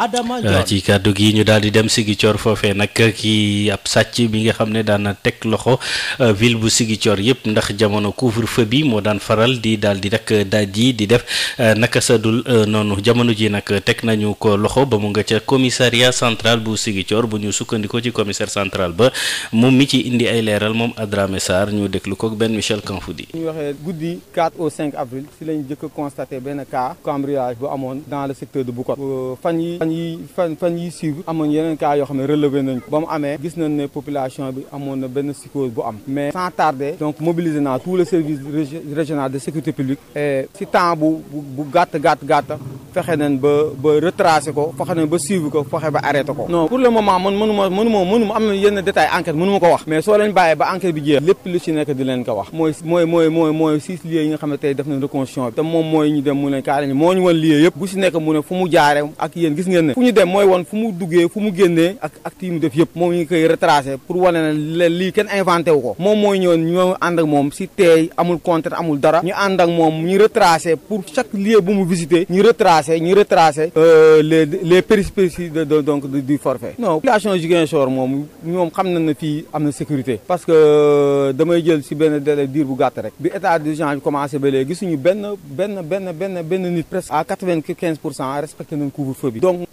Euh, ci kàddu gi ñu daal di dem Ziguinchor foofee nag ki ab sàcc bi nga xam ne daan na teg loxo euh, ville bu Ziguinchor yëpp ndax jamono couvre-feu bi moo daan faral di daal di rek daaj yi di def euh, naka sa dul noonu jamono ji nag teg nañu ko loxo ba mu nga ca commissariat centrale bu Ziguinchor bu ñu sukkandikoo ci commissaire centrale ba moom mi ci indi ay leeral moom Adrame Sarr ñu déglu ko benn Michel Kanfoudi. guddi au avril si lañ jëkk constaté benn cas cambriolage bu amoon fan yi fan fan yi suivre amoon yeneen cas yoo xam ne nañ ba mu amee gis nañ ne population bi amoon na benn psychose bu am mais sans donc mobiliser naa tout le service régional de sécurité publique et si temps bu bu gàtt fexe nañ ba ba ko fexe nañ ba suivre ko fexe ba arrêté ko non pour le moment am na yenn détail enquête mënu ma ko wax mais soo leen bàyyee yëpp bu ci nekk mu ne fu mu jaare ak yéen gis ngeen ngeen fu ñu dem mooy wan fu mu duggee fu mu génnee ak acte yi mu def yëpp moom ñu koy retracé pour wane ne lii kenn inventé wu ko moom mooy ñëw ñoo ànd moom si teey amul contrat amul dara ñu ànd ak moom ñu retracé pour chaque lieu bu mu visité ñu retracé ñu retracé euh, les les péripéties de donc du forfait non population Ziguinchor moom ñoom xam na na fii am na sécurité parce que euh, damay jël si benn délai diir bu gàtt rek bi état d'urgence bi commencé ba léegi gisuñu benn benn benn benn benn nit presque à pour cent ñu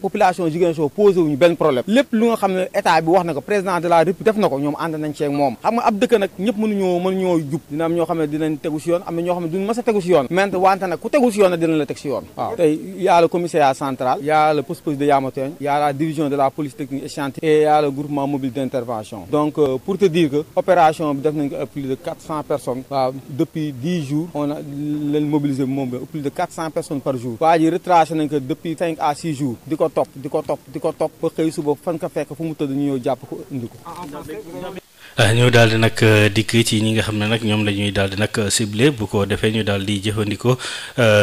population Ziguinchor posé wuñu benn problème lépp lu nga xam ne état bi wax na ko président de la République def na ko ñoom ànd nañ ceeg moom xam nga ab dëkk nag ñëpp mënuñoo mënuñoo jub dina am ñoo xam ne dinañ tegu si yoon am ñoo xam ne duñ mës tegu si yoon mais wante nag ku tegu si yoon dina la teg si yoon waaw tey y'a central y'a le poste police de Yamaten y'a la division de la police technique et scientifique et y'a le groupement mobile d'intervention euh, cinq à six jours di ko topp diko ko topp di ko topp ba xëy suba fan ka fekk fu mu tëdd ñu ñëw jàpp ko indi ko Euh, ñu daal di nag euh, dikk ci ñi nga xam ne nag ñoom la ñuy di nag euh, di jëfandikoo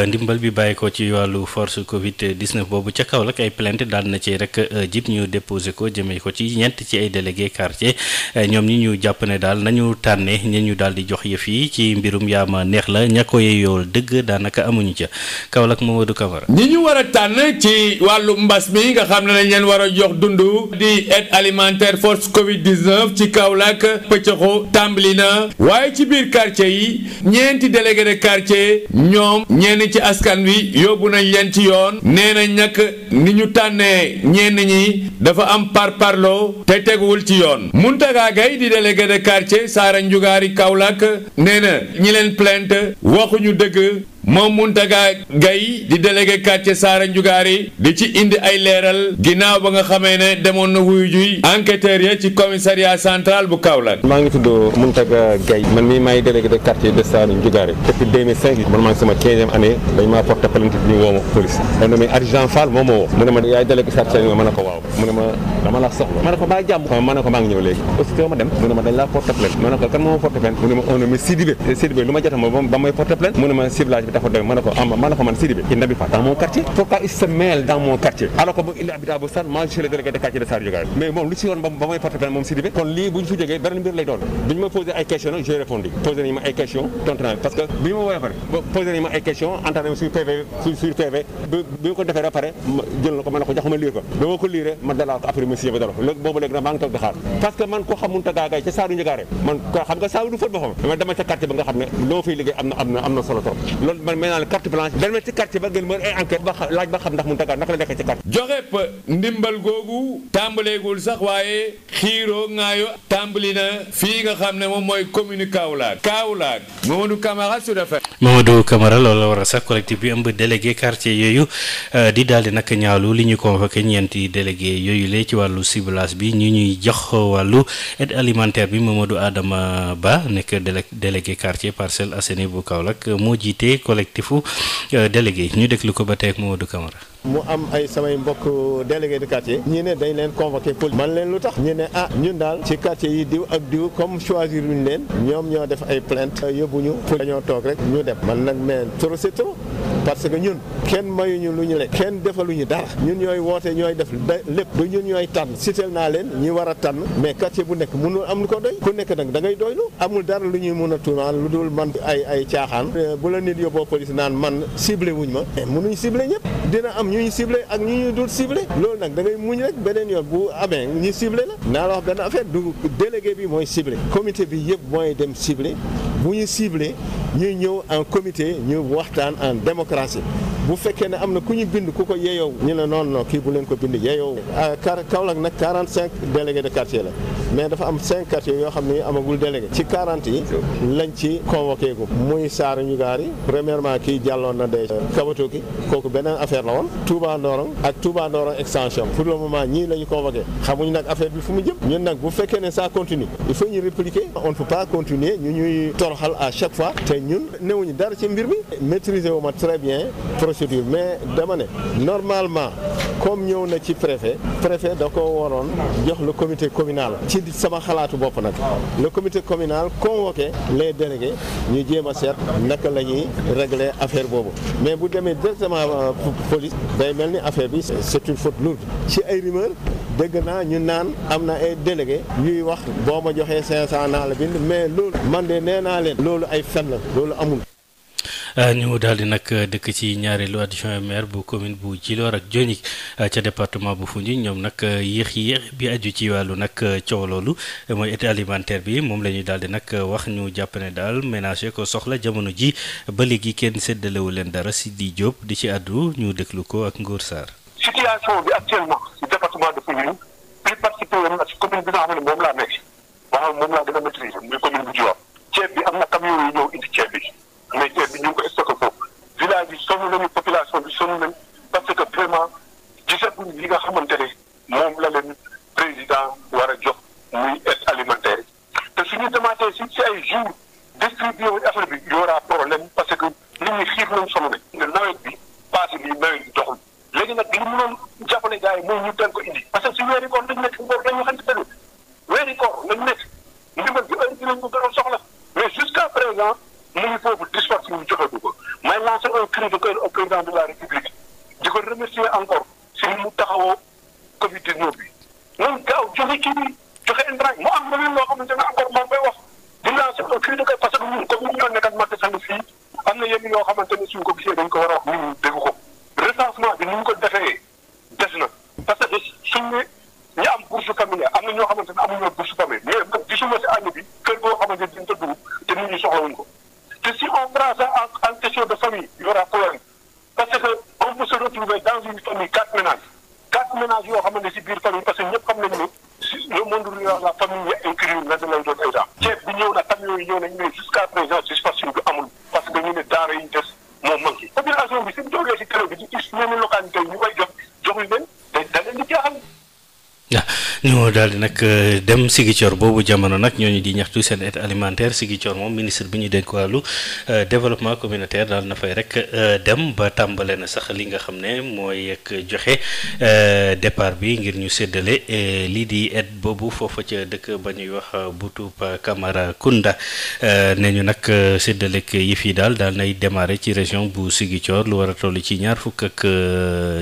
ndimbal bi ko ci wàllu force Covid 19 boobu ca Kaolack ay plainte daal na ci rek jib ñu déposé ko jëmee ko ci ñent ci ay délégué quartier ñoom ñi ñu jàpp ne daal nañu tànnee ñi ñu daal di jox yëf yi ci mbirum ma neex la ña ko yeyool dëgg daanaka amuñu ca Kaolack Mamadou Camara. ñi ñu war a tànn ci wàllu mbas mi nga xam ne dañ leen a jox dund di aide alimentaire force Covid ci Kaolack. daanaka pëccëxu tàmbali na waaye ci biir quartier yi ñeenti délégué de ñoom ñenn ci askan wi yóbbu nañ leen ci yoon nee nañ nag ni ñu tànnee ñenn ñi dafa am par parlo te teguwul ci yoon Muntaga Gay di délégué de quartier Saara Njugaari Kaolack nee na ñi leen plainte waxuñu dëgg moom Muntaga Gaye di délégué quartier Saara Njugaari di ci indi ay leeral ginnaaw ba nga xamee ne demoon na wuyu juy enquêteur ya ci commissariat central bu Kaolack. maa ngi tudd Muntaga Gaye man mii maay délégué de quartier de Saara Njugaari depuis man maa ngi sama 15e année dañ maa porté plainte bi ñu woo ma police dañ ne mais argent moo ma woo mu ma yaay ma la soxla ma ne ko baa jàmm ma ne ko maa ngi ñëw léegi aussi too ma dem mu ne dafa ko am ah, mën na ko man Sidibé mon quartier pourquoi il se mêle dans mon quartier alors que boog il habite à Bossane kon lii bu ñu fi jógee beneen mbir doon bi ma posé ay questions nag j'ai répondu posé nañu ma ay questions tontu naa parce que bi ñu ko defee ma dalaa ko après ma signé ba dara léegi boobu léegi maa ngi toog di xaar parce que man ko xamul gaagaay ca Sadio Ndiagaare man ko xam nga Sadio du fët boppam dama man may naan carte blanche dal sax waaye xiiroo ŋaayo tàmbali na fii nga xam ne moom mooy commune Kaolack Kaolack Mamadou Camara Sud FM Mamadou Camara loolu la war a sax collectif bi ëmb délégué quartier yooyu euh, di daal di nag ñaawlu li ñu convoqué ñeenti délégué yooyu le ci wàllu ciblage bi ñu ñuy jox wàllu aide alimentaire bi Mamadou Adama Ba nekk délégué quartier Parcelles Assainies bu Kaolack moo jiite collectifu euh, délégué yi ñu déglu ko ba tey ak Mamadou Camara. mu am ay samay mbokk délégué de quartier ñi ne dañ leen convoqué pour man leen lu tax ñi ne ah ñun daal ci quartier yi diw ak diw comme choisir ñu leen ñoom ñoo def ay plainte ñu pour dañoo toog rek ñu dem man nag mais trop c'est trop parce que ñun kenn mayuñu lu ñu lekk kenn defalu ñu dara ñun ñooy woote ñooy def lépp du ñun ñooy tànn siteel naa leen ñi war a tànn mais quartier bu nekk mënul am lu ko doy ku nekk nag dangay ngay doylu amul dara lu ñuy mën a tuumaan lu dul man ay ay caaxaan bu la nit yóbboo police naan man ciblé wuñ ma mënuñ ciblé ñëpp ñuy ciblé ak ñu ñu dul ciblé loolu nag dangay ngay muñ rek beneen yoon bu amee ñu sible la naa la wax benn affaire du délégué bi mooy ciblé comité bi yëpp mooy dem ciblé bu ñu ciblé ñu ñëw en comité ñu waxtaan en démocratie bu fekkee ne am na ku ñu bind ku ko yeeyoo ñu ne noon non kii bu leen ko bind yeeyoo euh, car Kaolack nag 45 délégués de quartier la mais dafa am 5 yoo xam ne amagul délégué ci 40 yi lañ ci convoqué gu muy Saara ñu gaar yi kii jàlloon na de Kabato ki kooku beneen affaire la woon Touba Ndorong ak Touba Ndorong extension pour le moment ñii la ñu convoqué xamuñu nag affaire bi fu mu jëm ñun nag bu fekkee ne ça continue il faut ñu répliquer on ne peut pas continuer ñu ñuy toroxal à chaque fois te ñun newuñu dara ci mbir mi maîtriser wu ma très bien procédure mais dama normalement comme ñëw na ci préfet préfet da ko waroon jox la comité communal ci sama xalaatu bopp nag le comité communal convoqué les délégués ñu jéem a seet naka la ñuy régler affaire boobu mais bu demee directement euh, police day mel ni affaire bi c'est une faute lourde ci ay rumeur dégg naa ñu naan am na ay délégué ñuy wax boo ma joxee 500 naa la bind mais loolu man de nee naa leen loolu ay fen la loolu amul Euh, ñu daal di nag euh, dëkk ci ñaareelu adjoint maire bu commune bu Djilor ak Dionik euh, ca département bu Foundiougne ñoom nag yéex yéex bi aju ci wàllu nag coow loolu mooy état alimentaire bi moom la ñuy daal di nag wax ñu jàpp daal ménager ko soxla jamono ji ba léegi kenn séddalewu leen dara si di Diop di ci àddu ñu déglu ko ak Ngor Sarr. ci ci commune bi nga xam moom laa nekk moom laa gën a muy commune bu Djilor ceeb bi am na camion yu ñëw indi ceeb bi. mais ceeb bi ñu ko stocké foofu village yi sonn nañu population bi sonn nañu parce que vraiment gisatuñu li nga xamante ne moom la leen président war a jox muy aide alimentaire te suñu demaatee si si ay jours distribué wuñ affaire bi y problème parce que ni ñi xiif nañ sonn ne nawet bi passé bi nawet bi doxul léegi nag li mënoon jàppale gars yi mooy ñu teel ko indi parce que si weeri koor lañ nekk ngoor dañu xam te weeri koor lañ ko gën a soxla mais jusqu'à présent mu ngi foofu discours bi joxe bu ko may lancer un cri de cœur au président de la république di ko remercier encore si mu taxawoo Covid 19 bi. nañ gaaw joxe kii bi joxe intrant mu am leneen loo xamante ne encore maa ngi koy wax di lancer un cri de cœur parce que ñun comme ni ñu doon nekk fii am na yenn yoo xamante ne suñ ko gisee dañ ko war a wax. daal di nag euh, dem Ziguinchor boobu jamono nag ñooñu di ñaxtu seen aide alimentaire Ziguinchor moom ministre bi ñu dénk wàllu euh, développement communautaire dal na fay rek euh, dem ba tàmbale na sax li nga xam ne mooy ak joxe départ bi ngir ñu séddale lii di aide boobu foofa ca dëkk ba ñuy wax Boutoupa Camara Kounda ne ñu nag séddalek yëf yi daal daal nay démarré ci région bu Ziguinchor lu war a toll ci ñaar fukk ak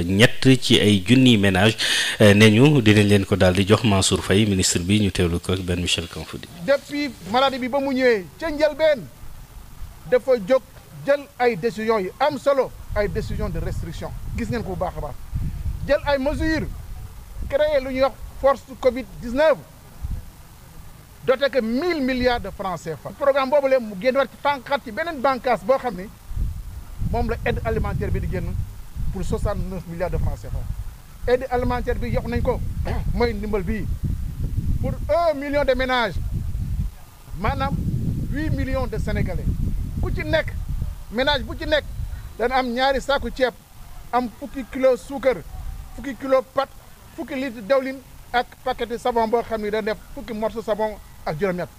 ñett ci ay junniy ménage ne ñu dinañ leen ko daal di Mansour fay ministre bi ñu teewlu ko ak benn Michel Kanfoudi. depuis maladie bi ba mu ñëwee ca njëlbeen dafa jóg jël ay décisions yu am solo ay décisions de restriction gis ngeen ko bu baax a baax jël ay mesures créer lu ñuy wax force Covid 19 doté que 1000 milliards de francs CFA. programme boobu la mu génn waat ci tànqaat ci beneen bànqaas boo xam ni moom la aide alimentaire bi di génn pour 69 milliards de francs CFA. aide alimentaire bi yokk nañ ko mooy ndimbal bii pour un million de ménage maanaam huit millions de sénégalais ku ci nekk ménage bu ci nekk dana am ñaari saaku ceeb am fukki kilo suukar fukki kilo pat fukki litre dawlin ak paquet savon boo xam ne da def fukki morceau savon ak juróom-ñett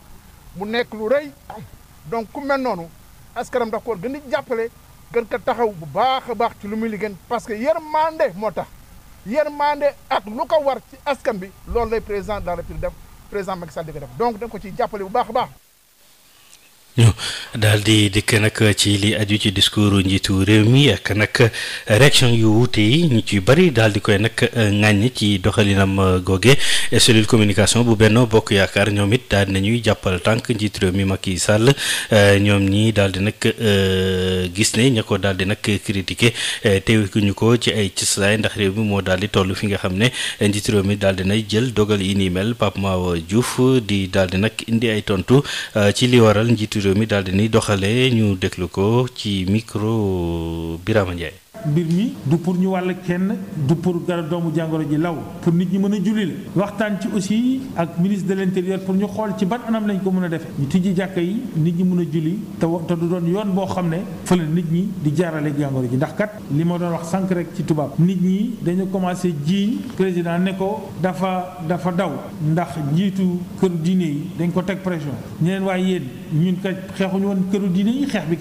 mu nekk lu rëy donc ku mel noonu askaram daf ko gën di jàppale gën ko taxaw bu baax a baax ci lu muy liggéey parce que yërmande moo tax maande ak lu ko war ci askan bi loolu lay président de la république def président Macky Sall di ko def donc da ko ciy jàppale bu baax a baax ñu daal di dikk nag ci li aju ci discours njiitu réew mi ak nag réaction yu wuute yi ñu ci bëri daal di koy nag ŋàññ ci doxalinam googe cellule communication bu benn Bokk Yaakaar ñoom it daal nañuy jàppal tànk njiitu réew mi Macky Sall ñoom ñi daal di nag euh, gis ne ña ko daal di nag critiqué euh, teewikuñu ko ci ay cislaay ndax réew mi moo daal di toll fi nga xam ne njiitu réew mi daal di nay jël dogal yi ni mel Pape Mahawa Diouf di daal di nag indi ay tontu euh, ci li waral njiitu réew mi daal di ni doxalee ñu déglu ko ci micro biram Ndiaye. mbir mi du pour ñu wàll kenn du pour garab doomu jàngoro ji law pour nit ñi mën a julli la waxtaan ci aussi ak ministre de l'intérieur pour ñu xool ci ban anam lañ ko mën a defee ñu tijji jàkka yi nit ñi mën a julli te te du doon yoon boo xam ne fële nit ñi di jaarale jàngoro ji ndax kat li ma doon wax sànq rek ci tubaab nit ñi dañu commencé jiiñ président ne ko dafa dafa daw ndax njiitu këru diine yi dañ ko teg pression ñu leen waaye yéen ñun kat xeexuñu woon këru diine yi xeex bi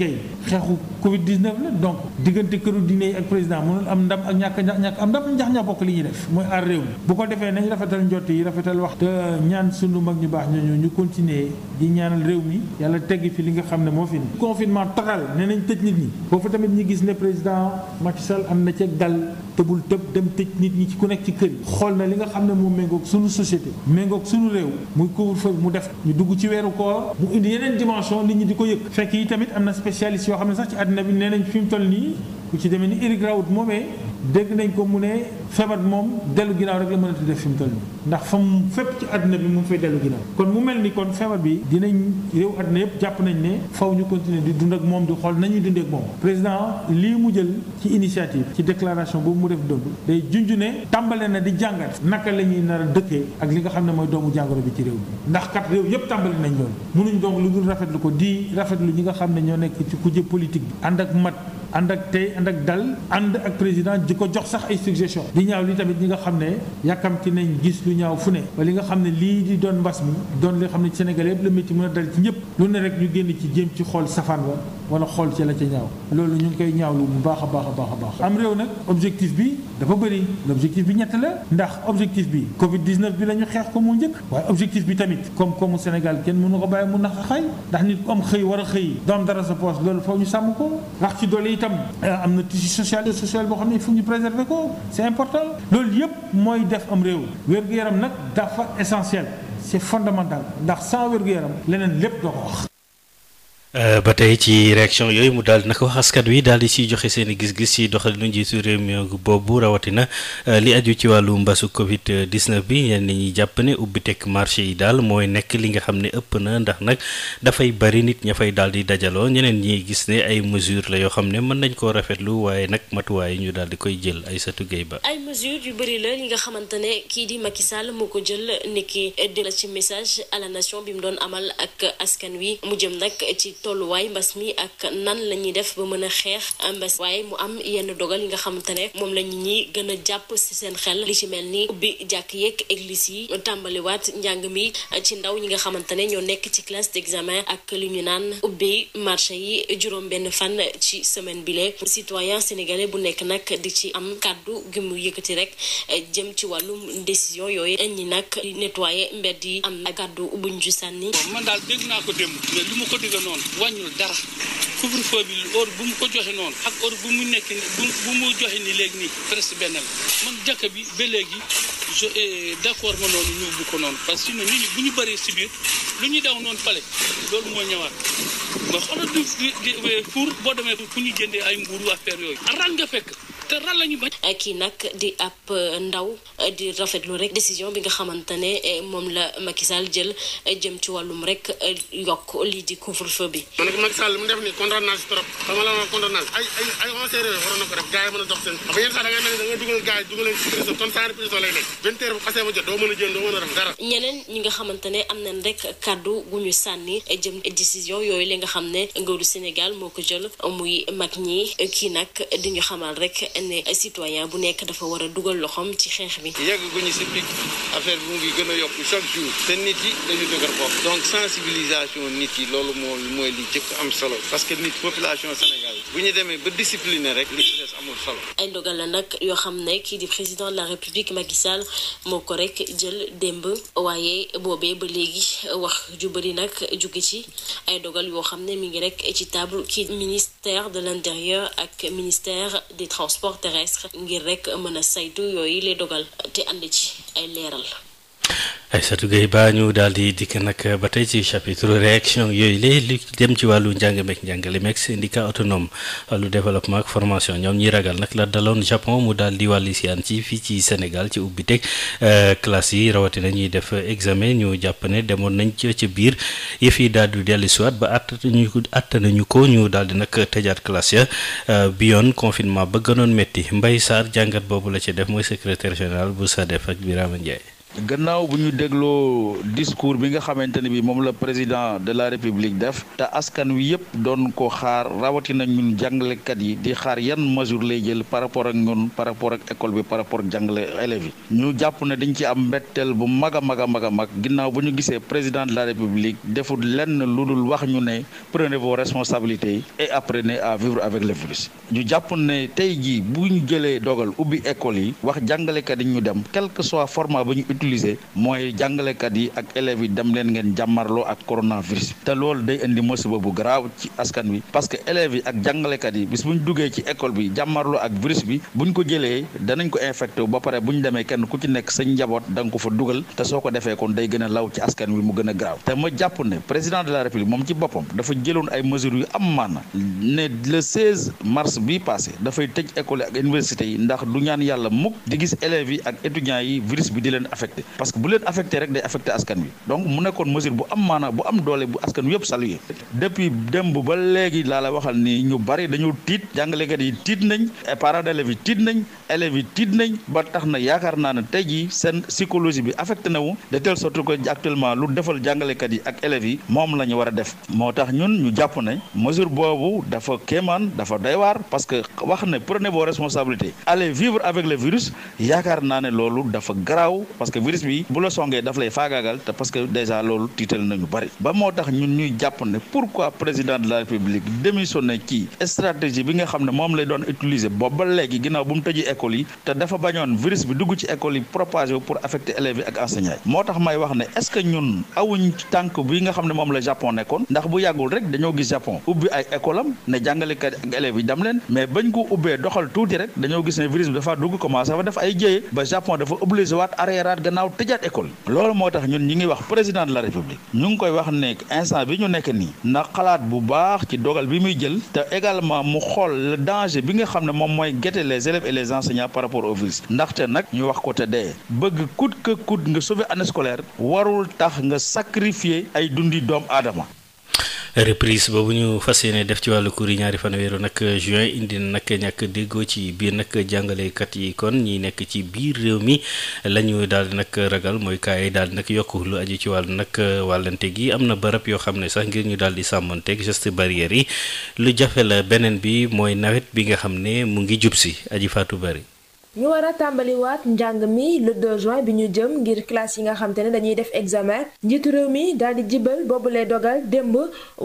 liggéey ak président mënul am ndam ak ñàkk ñàkk am ndam njax ña bokk li ñuy def mooy aar réew mi bu ko defee nañ rafetal njot yi rafetal wax te ñaan sunu mag ñu baax ñooñu ñu continuer di ñaanal réew mi yàlla tegg fi li nga xam ne moo fi ne confinement total ne nañ tëj nit ñi foofu tamit ñi gis ne président Macky Sall am na ceeg dal tëbul tëb dem tëj nit ñi ci ku nekk ci kër yi xool na li nga xam ne moom méngook suñu société méngoog suñu réew muy couvre-feu mu def ñu dugg ci weeru koor mu indi yeneen dimension nit ñi di ko yëg fekk yi tamit am na spécialiste yoo xam ne sax ci àddina bi nee nañ fi toll nii ku ci demee ni Eric Raoult moomee dégg nañ ko mu ne feebar moom dellu ginnaaw rek la mën def fi mu toll nii ndax fa mu fépp ci àddina bi mu ngi fay dellu ginnaaw kon mu mel ni kon feebar bi dinañ réew àddina yëpp jàpp nañ ne faw ñu continuer di dund ak moom di xool nañuy dundee ak président lii mu jël ci initiative ci déclaration boobu mu def dëmb day junj ne tàmbale na di jàngat naka la ñuy nar dëkkee ak li nga xam ne mooy doomu jàngoro bi ci réew mi ndax kat réew yëpp tàmbale nañ loolu mënuñ donc lu dul rafetlu ko di rafetlu ñi nga xam ne ñoo nekk ci kujje politique bi ànd ak mat ànd ak tey ànd ak dal ànd ak président ji ko jox sax ay suggestion di ñaaw lii tamit ñi nga xam ne yàkkamti nañ gis lu ñaaw fu ne ba li nga xam ne lii di doon mbas mi doon li xam ne Sénégal yëpp la métti mën a dal ci ñëpp lu ne rek ñu génn ci jéem ci xool safaan wa wala xool ci la ci ñaaw loolu ñu ngi koy ñaawlu bu baax baax a baax a baax am réew nag objectif bi dafa bëri l' bi ñett la ndax objectif bi covid 19 bi la ñu xeex ko moo njëkk waaye objectif bi tamit comme comme Sénégal kenn mun mënu ko bàyyi mun na a xay ndax nit ku am xëy war a xëy doom dara sa poos loolu foofu ñu sàmm ko wax ci doole itam eh, am na tissu social et social boo xam ne il ñu préserver ko c' est important loolu yëpp mooy def am réew wér-gu-yaram nag dafa essentiel c' est fondamental ndax sans wér yaram leneen lépp doo Euh, ba tey ci réaction yooyu mu daal di naka wax askan wi daal di siy joxe seen gis-gis ci doxalinu njiitu réew mi boobu rawatina euh, li aju ci wàllu mbasu Covid bi ñenn ñi jàpp ne ubbi teg marché yi daal mooy nekk li nga xam ne ëpp na ndax nag dafay bari nit ña fay daal di dajaloo ñeneen ñi gis ne ay mesures la yoo xam ne mën nañ koo rafetlu waaye nag matuwaay ñu dal di koy jël ay satu géey ba. ay mesures yu bari la li nga xamante ne kii di Macky ki ci message tolluwaay mbas mi ak nan la ñuy def ba mën a xeex mbas waaye mu am yenn dogal yi nga xamante ne moom la ñu ñi gën a jàpp ci seen xel li ci mel ni ubbi jàkk yeeg église yi tàmbaliwaat njàng mi ci ndaw ñi nga xamante ne ñoo nekk ci classe d'examen ak li ñu naan ubbi marché yi juróom-benn fan ci semaine bi le citoyen sénégalais bu nekk nag di ci am kàddu gi mu yëkkati rek jëm ci wàllum décision yooyu ñi nag nettoyer mbedd yi am na kàddu buñ ju sànni. man daal wàññul dara couvre-feu bi heure bu mu ko joxee noonu ak heure bu mu nekk bu bu mu joxe ni léegi nii presque benn la man jàkka bi ba léegi je eh, d'accord ma noonu ñu bu ko noonu parce que sinon nit ñi bu ñu bëree si biir lu ñu daw noonu pale loolu moo ñëwaat nga xoolal du pour eh, boo demee fu ñu jëndee ay mbuuru affaire yooyu aral nga fekk te la ñu bañ. Eh, kii nag di ab eh, ndaw eh, di rafetlu rek décision bi nga xamante ne moom la Macky Sall jël jëm ci wàllum rek yokk lii di couvre-feu bi. man mu def nii kontaan a dox seen. doo mën a jënd dara. ñeneen ñi nga xamante ne am na rek kàddu gu ñu sànni jëm décision yooyu li nga xam ne nguuru Sénégal moo ko jël muy mag ñi kii nag di ñu xamal rek ne citoyen bu nekk dafa war a dugal loxoom ci xeex bi. yàgg guñu si pic affaire bi mu ngi gën a yokk chaque te nit yi dañu dëgër bopp donc sensibilisation nit yi loolu mooy li jëkk am solo parce que nit population Sénégal bu ñu demee ba discipliné rek li ci des amul solo. ay ndogal la nag yoo xam ne kii di président de la république Macky Sall moo ko rek jël démb waaye boobe ba léegi wax ju bëri nag jóge ci ay dogal yoo xam ne mi ngi rek ci table kii ministère de l'intérieur ak ministère des transports. transport terrestre ngir rek mën a saytu yooyu lay dogal te ànd ci ay leeral. Aïssatou Gueye Ba ñu daal di dikk nag ba tey ci chapitre réaction yooyu lay li dem ci wàllu njàng meek njàngale meek syndicat autonome wàllu développement ak formation ñoom ñi ragal nag la daloon Japon mu daal di wàllu siyaan ci fii ci Sénégal ci ubbi teg euh, classe yi rawatina ñuy def examen ñu jàpp ne demoon nañ ci biir yëf yi daal di dellu siwaat ba àtt nañu ko ñu daal di nag tëjaat classe ya euh, bi yoon confinement ba gënoon métti mbay saar jàngat boobu la ci def mooy secrétaire général bu SADEF ak Birama Ndiaye gannaaw bu ñu dégloo discours bi nga xamante ne bi moom la président de la république def te askan wi yëpp doon ko xaar rawatina ñun jàngalekat yi di xaar yan mesure lay jël par rapport ak ñun par rapport ak école bi par rapport ak jàngale élèves ñu jàpp ne dañ ci am mbetteel bu mag a mag a mag a mag ginnaaw bu ñu gisee président de la république deful lenn lu dul wax ñu ne prenez vos responsabilités et apprenez à vivre avec le virus ñu jàpp ne tey jii bu ñu jëlee dogal ubbi école yi wax jàngalekat yi ñu dem mooy jàngalekat yi ak élèves yi dem leen ngeen jàmmarloo ak coronavirus te loolu day indi musiba bu garaaw ci askan wi parce que élèves yi ak jàngalekat yi bis bu ñu duggee ci école bi jàmmarloo ak virus bi bu ñu ko jëlee danañ ko infecté ba pare bu ñu demee kenn ku ci nekk sañ njaboot da nga ko fa dugal te soo ko defee kon day gën a law ci askan wi mu gën a te ma jàpp ne président de la république moom ci boppam dafa jëloon ay mesures yu am parce que bu leen affecté rek day affecté askan wi donc mu nekkoon mesure bu maana bu am doole bu askan wi yëpp salué depuis ba léegi laa la waxal ni ñu bari dañu tiit jàngalekat yi tiit nañ parents d'élèves yi tiit nañ élèves yi tiit nañ ba tax na yaakaar naa ne tey jii seen psychologie bi affecté na wu de telle sorte que actuellement lu defal jàngalekat yi ak élèves yi la ñu war a def moo tax ñun ñu jàpp ne mesure boobu dafa kéemaan dafa day waar parce que wax ne prenez vos responsabilités allez vivre avec le virus yaakaar naa ne loolu dafa garaaw parce que virus bi bu la songee daf lay faagaagal parce que déjà loolu tiital nañu bari ba moo tax ñun ñuy jàpp ne pourquoi président de la république démissionné ci stratégie bi nga xam ne moom lay doon utiliser boobu ba léegi ginnaaw bu mu tëjee école yi te dafa bañoon virus bi dugg ci école yi propagé pour affecter élèves yi ak enseignants moo tax may wax ne est-ce que ñun awuñ tànk bi nga xam ne moom la Japon nekkoon ndax bu yàggul rek dañoo gis Japon ubbi ay école am ne ko ubbee doxal tuuti rek dañoo gis ne virus bi dafa dugg commencé fa gannaaw tëjaat école loolu moo tax ñun ñi ngi wax président de la république ñu ngi koy wax ne instant bi ñu nekk nii ndax xalaat bu baax ci dogal bi muy jël te également mu xool danger bi nga xam ne moom mooy guetter les élèves et les enseignants par rapport au virus ndaxte nag ñu wax ko te dee bëgg coûte que coûte nga sauver année scolaire warul tax nga sacrifier ay dundi doomu aadama reprise boobu ñu fas ne def ci wàllu cours ñaari fan weeru nag juin indi na nag ñàkk déggoo ci biir nag jàngalekat yi kon ñi nekk ci biir réew mi la ñu daal di nag ragal mooy kaay daal di nag yokku lu aju ci wàllu nag wàllante gi am na barab yoo xam ne sax ngir ñu daal di sàmmanteeg geste barrière yi lu jafe la beneen bi mooy nawet bi nga xam ne mu ngi jub si aji faatu bari ñu war a tàmbaliwaat njàng mi le 2 juin bi ñu jëm ngir classe yi nga xam ne dañuy def examen njiitu réew mi daal di jibal boobu lay dogal démb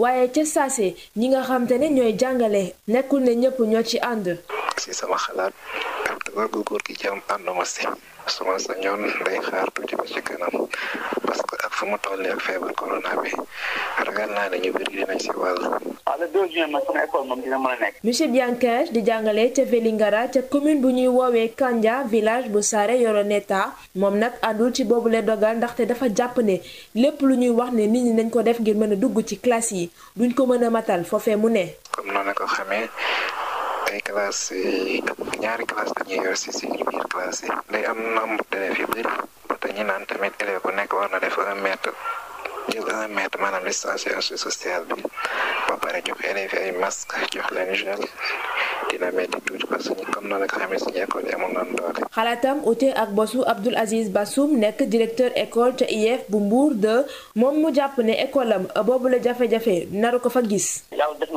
waaye ca saase ñi nga xam ne ñooy jàngale nekkul ne ñëpp ñoo ci ànd. si sama xalaat. góor Ah, suma sañoon day di jàngale ca Vélingara ca commune bu ñuy woowee Kandia village bu Saare Yoroneta moom nag àndul ci boobu la dogal ndaxte dafa jàpp ne lépp lu ñuy wax ne nit ñi nañ ko def ngir mën a dugg ci classe yi duñ ko mën a matal foofee mu ne. comme noonu ko xamee. ay classe ñaari classe dañuy yor si suñu classe yi day am nombre d'élèves yu ba te ñu naan tamit élève bu nekk war na def un mètre jël un mètre maanaam sociale bi ba pare jox élèves ay masque jox leen gel dina metti tuuti parce que comme noonu la ko xamee suñu école xalaatam ute ak bosu Abdoul Aziz Bassoum nekk directeur école ca IEF bu Mbour de moom mu jàpp ne école am boobu jafe-jafe naru ko fa gis. yàlla def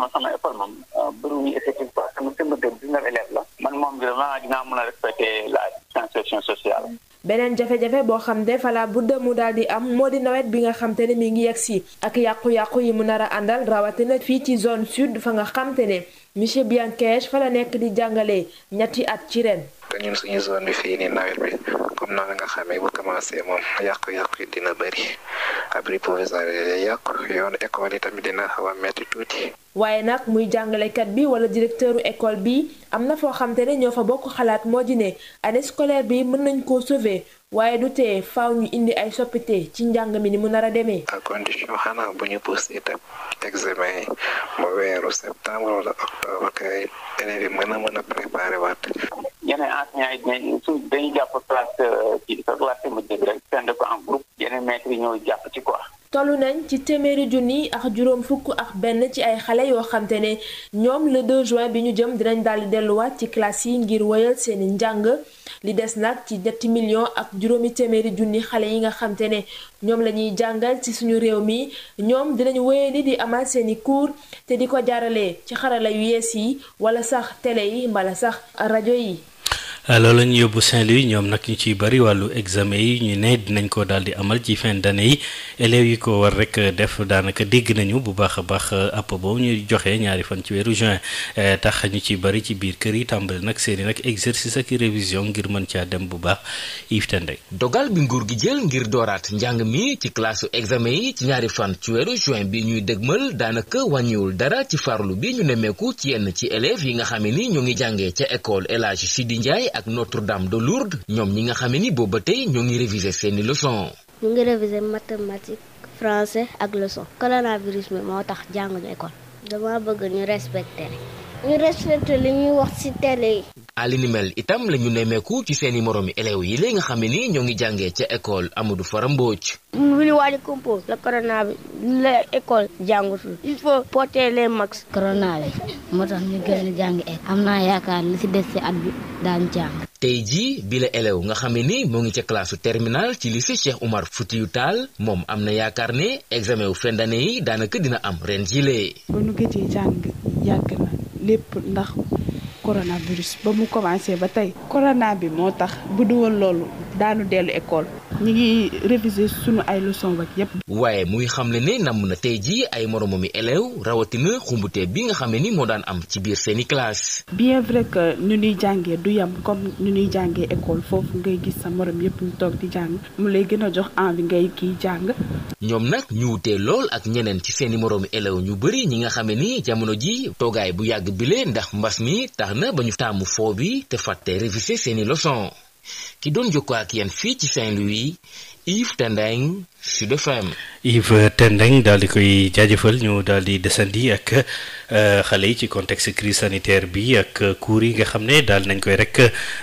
euh, beneen jafe-jafe boo xam ne fala budda mu daal di am moo di nawet bi nga xamte ne mi ngi yegg si ak yàqu-yàqu yi mu nar a àndal rawatina fii ci zone sud fa nga xam ne. monsieur Biancaire fa la nekk di jàngale ñetti at ci ren. ñun suñu zone bi fii nii nawet bi comme na nga xamee bu commencé moom yàqu-yàqu yi dina bëri abri provisoire yi yàqu yoonu école yi tamit dina xaw a metti tuuti. waaye nag muy jàngalekat bi wala directeuru école bi am na foo xam te ne ñoo fa bokk xalaat moo di ne année scolaire bi mën nañ koo sauver waaye du tee faaw ñu indi ay soppite ci njàng mi ni mu nar a demee. à condition xanaa bu ñu poussé itam examen yi mu weeru septembre wala octobre kay élèves yi mën a mën a préparé waat. yeneen enseignants yi dinañ su dañuy euh, ko en groupe ci quoi. tollu nañ ci téeméeri junni ak juróom fukk ak benn ci ay xale yoo xam ne ñoom la 2 juin bi ñu jëm dinañ daal di delluwaat ci classe yi ngir woyal seeni njàng li des nag ci ñetti million ak juróomi téeméeri junni xale yi nga xam ne ñoom la ñuy jàngal ci suñu réew mi ñoom dinañu dinañ woyali di amal seeni cours te di ko jaaralee ci xarala yu yees yi wala sax tele yi mbala sax rajo yi. Euh, loolu la ñu yóbbu Saint-Louis ñoom nag ñu ciy bari wàllu examen yi ñu ne dinañ ko daal di amal ci fin d'année yi yi ko war rek euh, def daanaka dégg nañu bu baax a baax app euh, boobu ñuy joxe ñaari fan ci weeru juin tax ñu ci bëri ci biir kër yi tàmbali nag seeni nag exercice ak révision ngir mën caa dem bu baax Yves Tendey dogal bi nguur gi jël ngir dooraat njàng mi ci classe examen yi ci ñaari fan ci weeru juin bi ñuy dëgmal daanaka wàññiwul dara ci farlu bi ñu nemmeeku ci yenn ci élèves yi nga xam ni ñu ngi jàngee ca école El Hadji Sidi Ndiaye ak Notre-Dame de Lourdes ñoom ñi nga xame ni booba tey ñoo ngi réviser seeni leçon ñu ngi réviser mathématique français ak leçon coronavirus bi moo tax jàng jànguñu école dama bëgg ñu respecté ñu respecté li ñuy wax ci télé yi. li mel itam la ñu nemmeeku ci seen i moroomi élèves yi léegi nga xam ne ni ñoo ngi jàngee ca école Amadou Fara Mbodj. bu ñu waaj a composé la corona bi la école jàngutul il faut porter les masques. corona bi moo tax ñu gën a jàng am naa yaakaar li ci def ci at bi daañu jàng. tey jii bi la élève nga xam ne ni moo ngi ca classe terminal ci lycée Cheikh Oumar Foutiyou Tall moom am na yaakaar ne examen wu fin d'année yi daanaka dina am ren jilee ba nu gëjee jàng yàgg na lépp ndax coronavirus ba mu commencé ba tey corona bi moo tax bu duwal woon loolu daanu dellu école ñu ngi réviser sunu ay leçon wak yépp waaye muy xamle ne namm na tey jii ay moromam yi élève rawatina xumbutee bi nga xam ne ni moo daan am ci biir seeni classe bien vrai que ñu ñuy jàngee du yem comme ñu ñuy jàngee école foofu ngay gis sa morom yépp ñu toog di jàng mu lay gën a jox envie ngay kii jàng ñoom nag ñu wutee lool ak ñeneen ci seeni moroomi élève ñu bëri ñi nga xam ne ni jamono ji toogaay bu yàgg bile ndax mbas mi tax na ba ñu tàmm foo bi te fàtte réviser seeni leçon ki doon jokkoo ak yéen fii ci Saint-Louis Yves Tendeng Sud FM. Yves Tendeng daal di koy jaajëfal ñu daal di desandi ak euh, xale yi ci contexte crise sanitaire bi ak cours yi nga xam ne daal nañ koy rek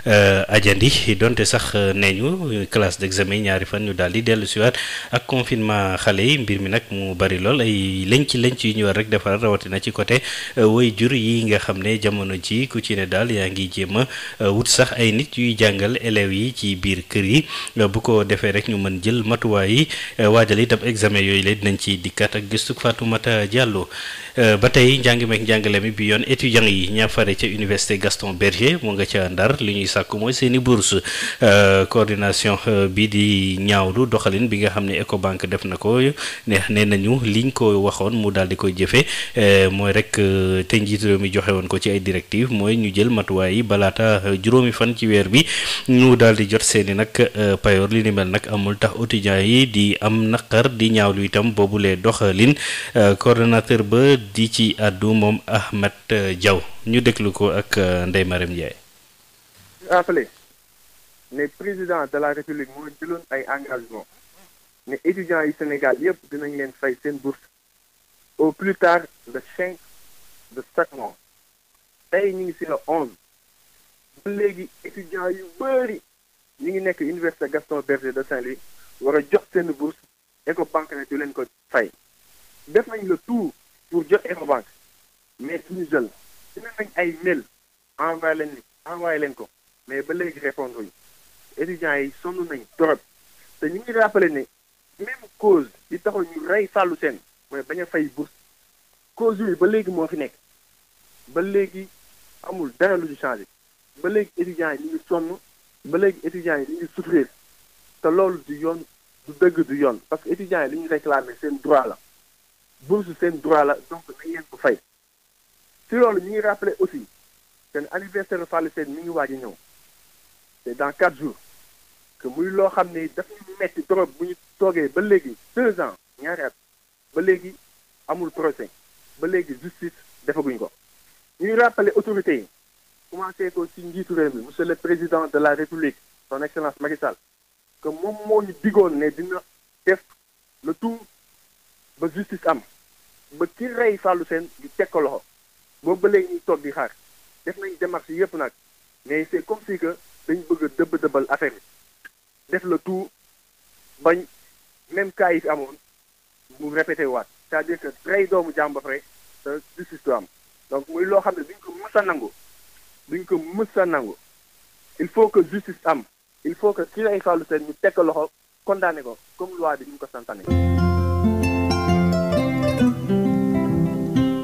euh, ajandi donte sax euh, nee ñu classe d'examen ñaari fan ñu daal di dellu siwaat ak confinement xale yi mbir mi nag mu bari lool ay lënc lënc yu ñu war rek defar rawatina ci côté way jur yi nga xam ne jamono ji ku ci ne daal yaa ngi jéem a wut sax ay nit yuy jàngal élèves yi ci biir kër yi bu ko defee rek ñu mën jël matuwaay yi. waajal itam examen yooyu la dinañ ci dikkaat ak gëstu Fatoumata Diallo Euh, ba tey njàng meek njàngale mi bi yoon étudiants yi ñaa fare ca université Gaston Berger mu nga ca Ndar li ñuy sàkku mooy seen i bourse euh, coordination euh, bi di ñaawlu doxalin bi nga xam ne Ecobank def na ko ne nee nañu liñ ko waxoon mu daal di koy jëfee mooy rek te njiit mi joxe woon ko ci ay directives mooy ñu jël matuwaay yi balaata juróomi fan ci weer bi ñu daal di jot seeni nag payoor li ni mel nag amul tax étudiants yi di am naqar di ñaawlu itam boobu doxalin coordonnateur ba di ci àddu moom Ahmed euh, Diaw ñu déglu ko ak euh, Ndeye Marème Ndiaye. rappelé ne président de la république moo jëloon ay engagement ne étudiants yi Sénégal yëpp dinañ leen fay seen bourse au plus tard le cinq de chaque mois tey ñu ngi si le onze ba léegi étudiants yu bëri ñu ngi nekk université Gaston Berger de Saint-Louis war jox seen bourse Ecobank ne du leen ko fay def nañ le tout pour jot Ecobank mais suñu jël dina nañ ay mail envoyé leen envoyé leen ko mais ba léegi répondre yi étudiants yi sonn nañ trop te ñu ngi rappelé ne même cause yi taxoon ñu rey Fallou seen mooy bañ a fay bourse cause yooyu ba léegi moo fi nekk ba léegi amul dara lu ñu changé ba léegi étudiants yi ñu sonn ba léegi étudiants yi ñu ngi te loolu du yoon du dëgg du yoon parce que étudiants yi li ñu réclamé seen droit la bourse seen droit la donc dañ leen ko fay si loolu ñu ngi rappelé aussi seen anniversaire Fallou seen mi ngi waaj a ñëw c'est dans quatre jours que muy loo xam ne daf ñu metti trop bu ñu toogee ba léegi deux ans ñaari ba léegi amul procès ba léegi justice defaguñ ko ñuy rappale autorités yi commencé ko ci njiitu réew mi monsieur le président de la république son excellence Macky Sall que moom moo ñu digoon ne dina def le tout ba justice am ba ki rey Fallou seen ñu teg ko loxo boobu ba léegi ñuy toog di xaar def nañ démarche yëpp nag mais c'est comme si que dañ bëgg dëbb dëbbal affaire bi def la tout bañ même cas yi fi amoon mu répété waat c'est-à-dire que rey doomu jàmm ba justice du am donc muy loo xam ne duñ ko mës a nangu duñ ko mës a nangu il faut que justice am il faut que ki rey Fallou seen ñu teg ko loxo condamné ko comme loi bi ñu ko santaane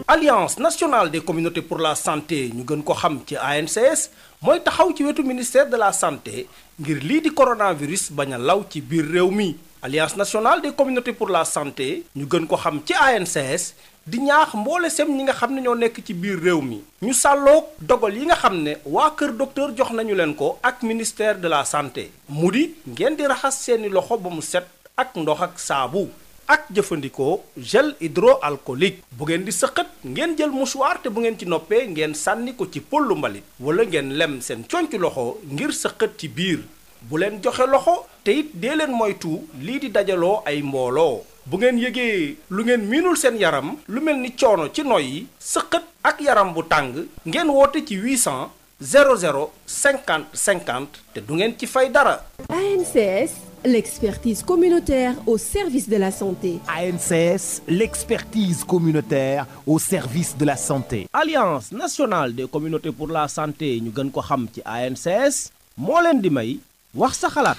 alliance nationale des communauté pour la santé ñu gën ko xam ci ANCS mooy taxaw ci wetu ministère de la santé ngir lii di coronavirus bañ a law ci biir réew mi alliance nationale des communautés pour la santé ñu gën ko xam ci ANCS di ñaax mboole sem ñi nga xam ne ñoo nekk ci biir réew mi ñu sàlloog dogal yi nga xam ne waa kër docteur jox nañu leen ko ak ministère de la santé mu di ngeen di raxas seeni loxo ba mu set ak ndox ak saabu ak jëfandikoo gel hydroalcoolique bu ngeen di sëqat ngeen jël mouchoir te bu ngeen ci noppee ngeen sànni ko ci pollu mbalit wala ngeen lem seen conc loxo ngir sëqat ci biir bu leen joxe loxo te it dee leen moytu lii di dajaloo ay mbooloo bu ngeen yëgee lu ngeen miinul seen yaram lu mel ni coono ci yi sëqat ak yaram bu tàng ngeen woote ci 800 00 50 50 te du ngeen ci fay dara. l'expertise communautaire au service de la santé. ANCS, l'expertise communautaire au service de la santé. Alliance nationale des communauté pour la santé ñu gën ko xam ci ANCS moo leen di may wax sa xalaat.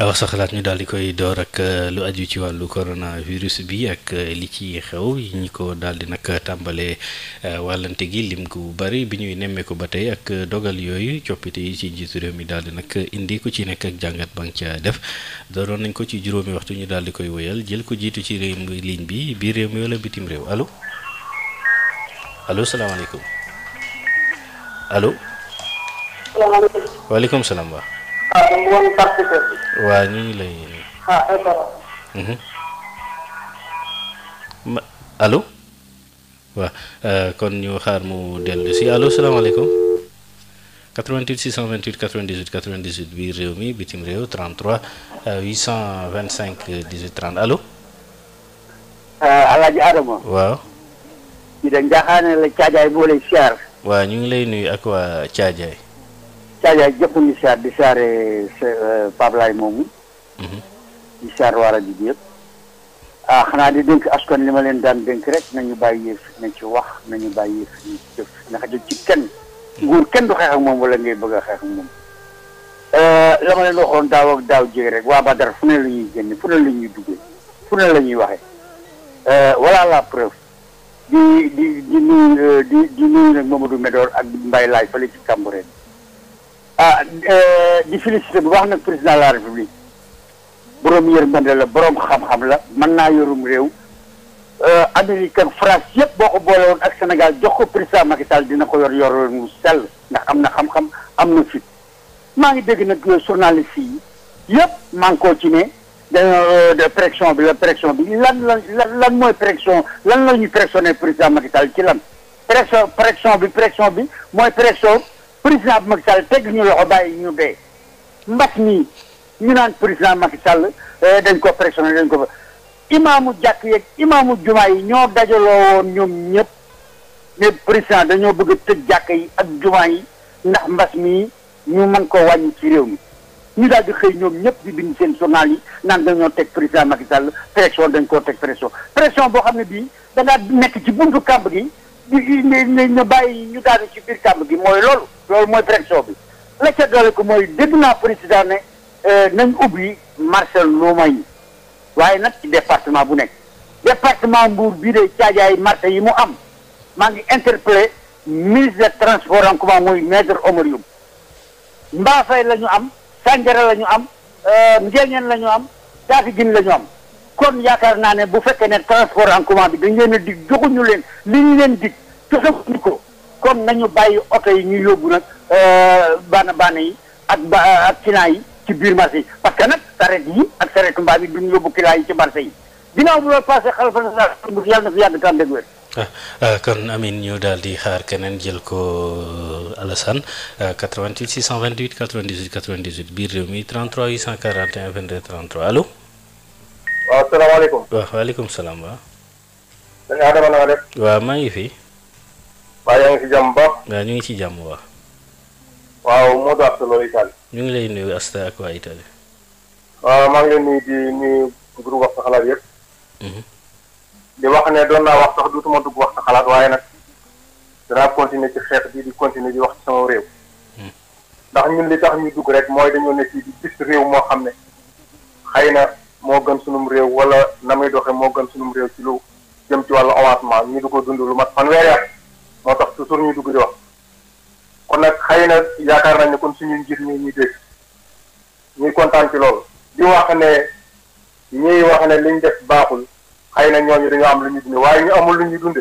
wax sa xalaat ñu daal di koy door ak euh, lu aju ci wàllu coronavirus bi ak euh, li ci xew ñi ko daal di nag tàmbalee euh, wàllante gi lim gu bari bi ñuy nemmee ko ba tey ak dogal yooyu coppite yi ci jiitu réew mi daal di nag indi ko ci nekk ak jàngat ba nga ca def dooroon nañ ko ci juróomi waxtu ñu daal di koy woyal jël ko jiitu ci réew mi ligne bi biir réew mi wala bitim réew alo allo salaamaaleykum allo. waaleykum salaam wa waa ñu ngi woon parce que. waaw ñu ngi lay. ah d' ah, mhm. ma allo. waaw euh, kon ñu xaar mu dellu si allo salaamaaleykum 88 628 98 98 biir réew mi bitim réew 33 825 18 30 allo. Alaaji Adama. waaw. ñu dem Ndiakhate la Caajaay boo lay ñu ngi lay nuyu ak waa Sadio jëpp ñu siyaar di siyaare euh, Pape Laye moomu. Mhm. di siyaar waa rajo bi yëpp. ah xanaa di dénk askan li ma leen daan dénk rek nañu bàyyi yëf na ci wax nañu bàyyi yëf nañ ci jëf ndax jël ci kenn nguur kenn du xeex ak moom wala ngay bëgg a xeex ak moom. Euh, la ma leen waxoon daaw ak daaw jéeg rek waa Badar fu ne la ñuy fu ne la ñuy duggee fu ne la ñuy waxee. Euh, voilà la preuve di di di di di nuyu nag Mamadou Médor ak Mbaye Laay fële ci Cambérène. ah euh, di félicité bu baax nag président de la république borom yërmande la borom xam-xam la man naa yorum réew. Euh, Amérique ak France yëpp boo ko boole woon ak Sénégal jox ko président Macky dina ko yor yor mu sell ndax am na xam-xam am na fit maa ngi dégg nag journaliste yi yëpp maa ngi koo ci ne dañoo de euh, bi la pression bi lan lan lan lan mooy pression lan la ñuy pressionné président Macky ci lan. pression bi pression bi mooy pression. président Macky Sall teg ñu loxo bàyyi ñu dee mbas mii ñu naan président Macky Sall eh, dañ ko pressionné dañ ko fa imaamu jàkk yeeg imaamu jumaa yi ñoo dajaloo woon ñoom ñëpp ne président dañoo bëgg a jàkk yi ak jumaa yi ndax mbas mii ñu mën ko wàññi ci réew mi ñu daal di xëy ñoom ñëpp di bind seen journal yi naan dañoo teg président Macky Sall pression dañ koo teg pression pression boo xam ne bii da ngaa ci buntu kàmb gi ñu bàyyi ñu daanu ci biir kàmb gi mooy loolu loolu mooy pression bi la ca doole ko mooy dégg naa président ne euh, nañ ubbi marché luuma yi waaye nag ci département bu nekk département Mbour bii de caajaay marché yi mu am maa ngi interpellé ministre des transports en commun mooy maître Oumar Youm Mbaafay la ñu am Sandiara la ñu am euh, Njeeñeen la ñu am Daafigine la ñu am kon yaakaar naa ne bu fekkee ne transport en commun bi dañ leen a dig joxuñu leen li ñu leen dig joxuñu ko kon nañu bàyyi oto yi ñu yóbbu nag euh, baana baana yi ak ba ak ci biir marché yi parce que nag saret yi ak saretu mbaam yi duñ yóbbu client yi ci marché yi ginnaaw bu loolu passé xalifa na yàlla na fi yàgg tànn dégg wér ah, euh, kon Amine ñu daal di xaar keneen jël ko euh, Alassane 88 628 98 98 biir réew mi 33 841 22 33 allo. waaw salaamaaleykum. waaw waaleykum salaam waaw. sëñ Adama na nga waaw maa ngi fi. waaye yaa ngi ci jàmm ba. waaw ñu ngi ci jàmm waaw. waaw Modou Asta Lo Italie. ñu ngi lay nuyu Asta ak waa Italie. waaw maa ngi leen nuyu di nuyu groupe Wax sa Xalaat yëpp. Mhm. di wax ne doon naa wax sax duutuma dugg wax sa xalaat waaye nag danaa continuer ci xeet bi di continuer di wax ci sama réew. Mhm. ndax ñun li tax ñu dugg rek mooy dañoo nekk ci di gis réew moo xam ne xëy na. moo gën sunum réew wala na muy doxee moo gën sunum réew ci lu jëm ci wàllu avancement ñu di ko dund lu mat fanweeri at moo tax toujours ñu dugg di wax kon nag xëy na yaakaar nañ ne kon suñu njiit ñi ñuy dégg ñu kontaan ci loolu di wax ne ñuy wax ne liñ def baaxul xëy na ñooñu dañoo am lu ñu dundee waaye ñu amul lu ñu dunde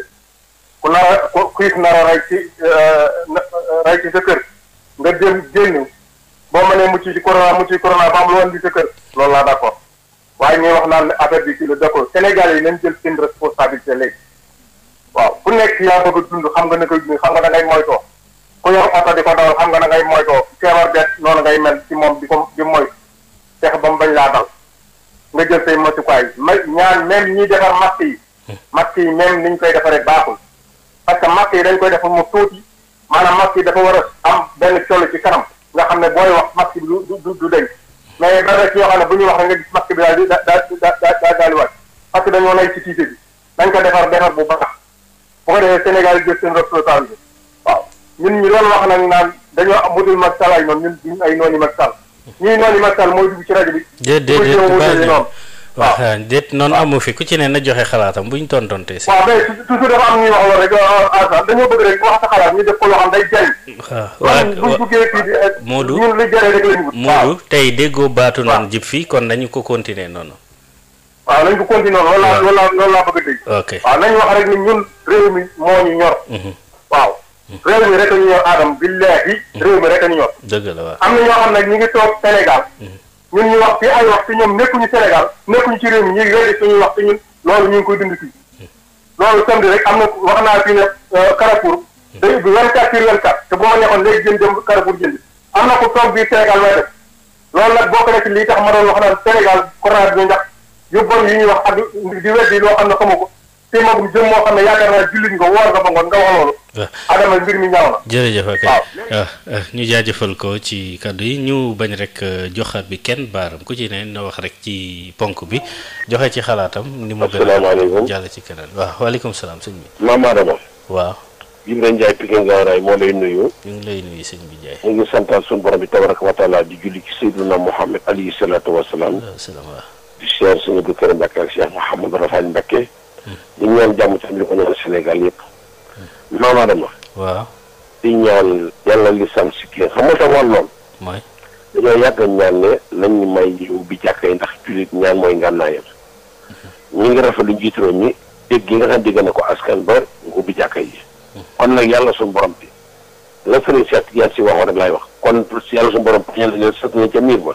ku nara ku kuit nara rey ci euh, rey ci sa kër nga jëm génn boo mënee mucc ci corona mucc ci corona ba am lu andi sa kër loolu laa d'accord waaye ñuy wax naan affaire bi ci la d'accord Sénégal yi nañ jël seen responsabilité léegi waaw ku nekk yaa bëgg a dund xam nga ne dund xam nga da ngay moytoo ko yor oto di ko dawal xam nga da ngay moytoo feebar beet noonu ngay mel ci moom di ko di moytu fexe bañ laa dal nga jël say matukaay may ñaan même ñiy defar masque yi masque yi même niñ koy defaree baaxul parce que masque yi dañ koy defar mu tuuti maanaam masque yi dafa war a am benn col ci kanam nga xam ne booy wax masque bi du du du denc mais bari na ci yoo xam ne bu ñuy wax rek nga gis masque bi daal di daa daal di wàcc que dañoo lay ci a bi dañ ko defar defar bu baax boo ko defee Sénégal jël seen responsabilité waaw ñun ñu doon wax nag naan dañoo am budul Macky Sall ay noonu ñun duñ ay noonu Macky Sall ñuy noonu Macky Sall mooy dugg ci rajo bi. déedéet déedéet waaw eh, déet noonu amu fi ku ci ne na joxe xalaatam bu ñu tontontee si. waaw mais toujours dafa am ñuy wax loolu rek euh, euh, Assane dañoo bëgg rek wax fii kon nañu ko continuer noonu. waaw nañ ko continuer noonu. waaw loolu laa laa bëgg a na ñoo xam ne ñu ngi toog Sénégal. Mhm. ñun ñu wax fii ay wax te ñoom nekkuñu Sénégal nekkuñu ci réew mi ñuy réer suñuy loolu ñu ngi koy dund fii loolu samedi rek am na wax naa fii ne euh, Carrefour day ubbi 24 sur 24 te bu ma neexoon léegi jën jëm Carrefour jënd am na ko toog biir Sénégal lay def nag bokk na ci tax ma doon wax naan Sénégal corona bi ñu ndax yu bon yi ñuy wax ak di weddi loo xam ne xamu ko kii magum jëm moo xam ne yaakaar naa jullit nga woor nga ba ngoon nga wax loolu. Ah. adama mbir mi ñaaw na. jërëjëf ak ah, ah, ñu jaajëfal ko ci kàddu yi ñu bañ rek euh, joxaat bi kenn baaram ku ci ne na wax rek ci ponk bi joxe ci xalaatam. ni mu gën a jàll ci keneen waaw waaleykum salaam sëñ bi. maam Adama. waaw. Ibrahima Ndiaye Pikine Ngawaraay moo lay nuyu. ñu ngi lay nuyu sëñ bi Ndiaye. ñu ngi santaat suñu borom bi tabaraka wa taala di julli ci Seydina Mouhamed alayhi salaatu wa salaam. di siyaar suñu Abdou Karim Mbacké ak Cheikh Mouhamed Rafaal Mbacké di ñaan jàmm tam di ko ñaan Sénégal yëpp. maama dama. waaw. di ñaan yàlla li sam si kii xam nga tax war lool. mooy. dañoo yàgg ñaan ne nañ may yiw bi jàkkee ndax jullit ñaan mooy ngànnaayam. ñi ngi rafetlu njiitu réew mi dégg gi nga xam dégg na ko askan ba ngu bi jàkkee yi. kon nag yàlla suñu borom bi. la sëriñ Cheikh Tidiane si waxoon rek laay wax kon yàlla suñu borom bi ñu ne la sët na ca miir ba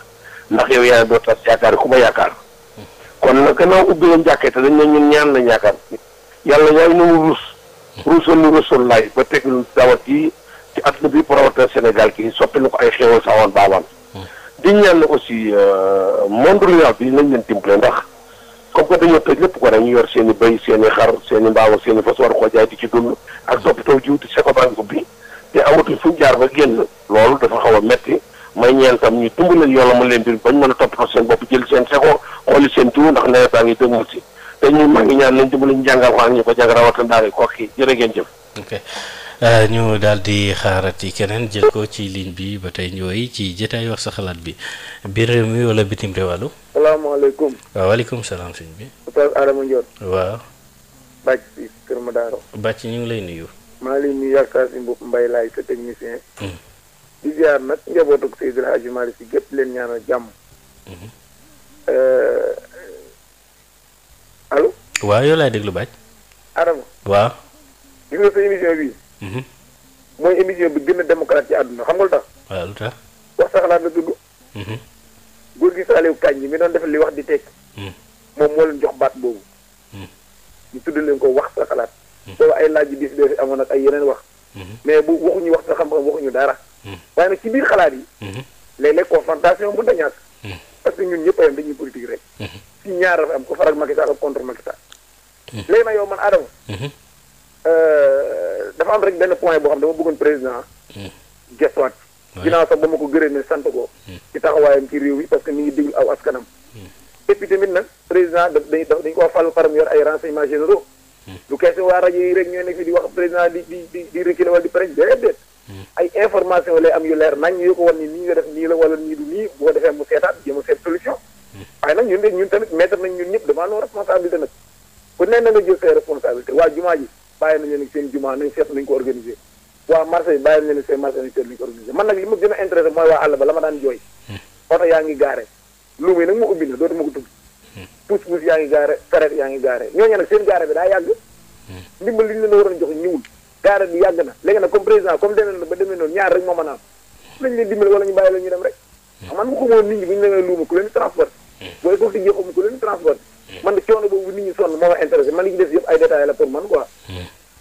ndax yow yaa doo tas yaakaar ku ma yaakaar. kon nag gannaaw ubbi woon jàkkee te dañ ne ñaan lañ yaakaar yàlla yaay na mu ruus. ruusal nu ruusal laay ba teg dawat yi ci at bi promoteur Sénégal kii soppi na ko ay xéwal saawaan baawaan. di ñaan ne aussi euh, monde rural bi nañ leen dimbale ndax comme que dañoo tëj lépp ko rek yor seen i béy seen i xar seen i seeni seen i di ci dund. ak toppatoo jiw di seko baa ngi ubbi te amatuñ fuñ jaar ba génn. loolu dafa xaw a metti may ñeen tam ñu tumbalal yoola mën leen bir bañ mën a koo seen bopp jël seen seko xooli seen jiw ndax nawet baa ngi dëgmal si te ñu maa ngi ñaan ñu jàngal xaan ñu ko jàng rawatina daal ko kii jërë ngeen jëf ok euh, ñu daal di xaarati keneen jël ko ci ligne bi ba tey ñooy ci jotaay wax sa xalaat bi biir réew mi wala bitim réew allo. salaamaaleykum. waaw waaleykum salaam sëñ bi. Oustaz Adama Ndione. waaw. bàcc ci Kër Madaro. bàcc ñu ngi lay nuyu. maa ngi lay nuyu si mbay laay sa di jaar nag njabootu Seydil Hadji Malick si gépp leen ñaanal jàmm. Euh, allo. waaw yow laay déglu baaj. Adama. waaw. gis nga sa émission bii. Mhm. mooy émission bi gën a démocrate ci àdduna xam nga lu tax. waaw lu tax. wax sa xalaat la tudd. góor gi Saliou Kandji mi doon def li wax di tekki. Mhm. moom moo leen jox baat boobu. Mhm. ñu tudd leen ko wax sa xalaat. boobu ay laaj yu diis amoon ak ay yeneen wax. mais bu waxuñu wax sa xam-xam waxuñu dara. waaye nag ci biir xalaat yi. Mhm. léeg-léeg confrontation bu dañaas. Mhm. parce que ñun ñëpp a yem dañuy politique rek. Mhm. ci ñaar dafa am ku faral Macky Sall ak contre Macky Sall. léegi nag yow man Adama. Euh, dafa am rek benn point boo xam dama bëggoon président. gestuwaat. ginnaaw sax ba ma ko gërëmee sant ko. ci taxawaayam ci réew yi parce que mi ngi déglu aw askanam. et puis tamit nag président da dañ dañ koo fal par mu yor ay renseignements généraux. lu kees waa rajo yi rek ñooy nekk fi di di di ay information lay am yu leer nañ yu ko wan nii nii la wala nii du nii bu ko defee mu seetaat jéem a seet solution waaye nag ñun tamit mettre nañ ñun ñëpp devant nos responsabilités nag ku ne na nga jël seen jumaa nañ seet nañ ko organiser waa marché bi nañ leen seen marché nañ ko organiser man nag li ma gën a intéressé mooy waa àll ba la daan jooy oto yaa ngi gaare lu muy nag mu ubbi na dootuma ko tudd pousse pousse yaa ngi gaare saret yaa ngi gaare ñooñu nag seen gaare bi daa yàgg ndimbal li ñu leen waroon daara bi yàgg na léegi nag comme président comme demee noonu ba demee noonu ñaar rek moo mën a am lañ leen dimbali wala ñu bàyyi la rek hmm. hmm. hmm. moo man li ci des yëpp ay détails la pour man quoi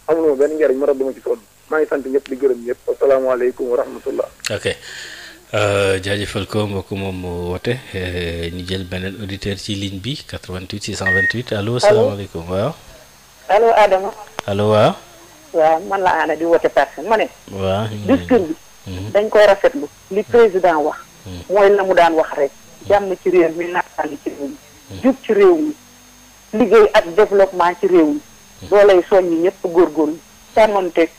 amul ma benn njariñ ma tax dama ci sonn maa ngi sant ñëpp di gërëm ñëpp asalaamaaleykum wa rahmatullah ok euh, euh, Adama allo waaw waaw man la aana di wote personne ma ne. bi. Mhm. dañ koy rafetlu. li mhm. président wax. Mhm. mooy la mu daan wax rek. jàmm ci réew mi naataange ci réew mi. jub ci réew mi. liggéey ak développement ci réew mi. loolay soññi ñëpp góorgóorlu. sàmmanteeg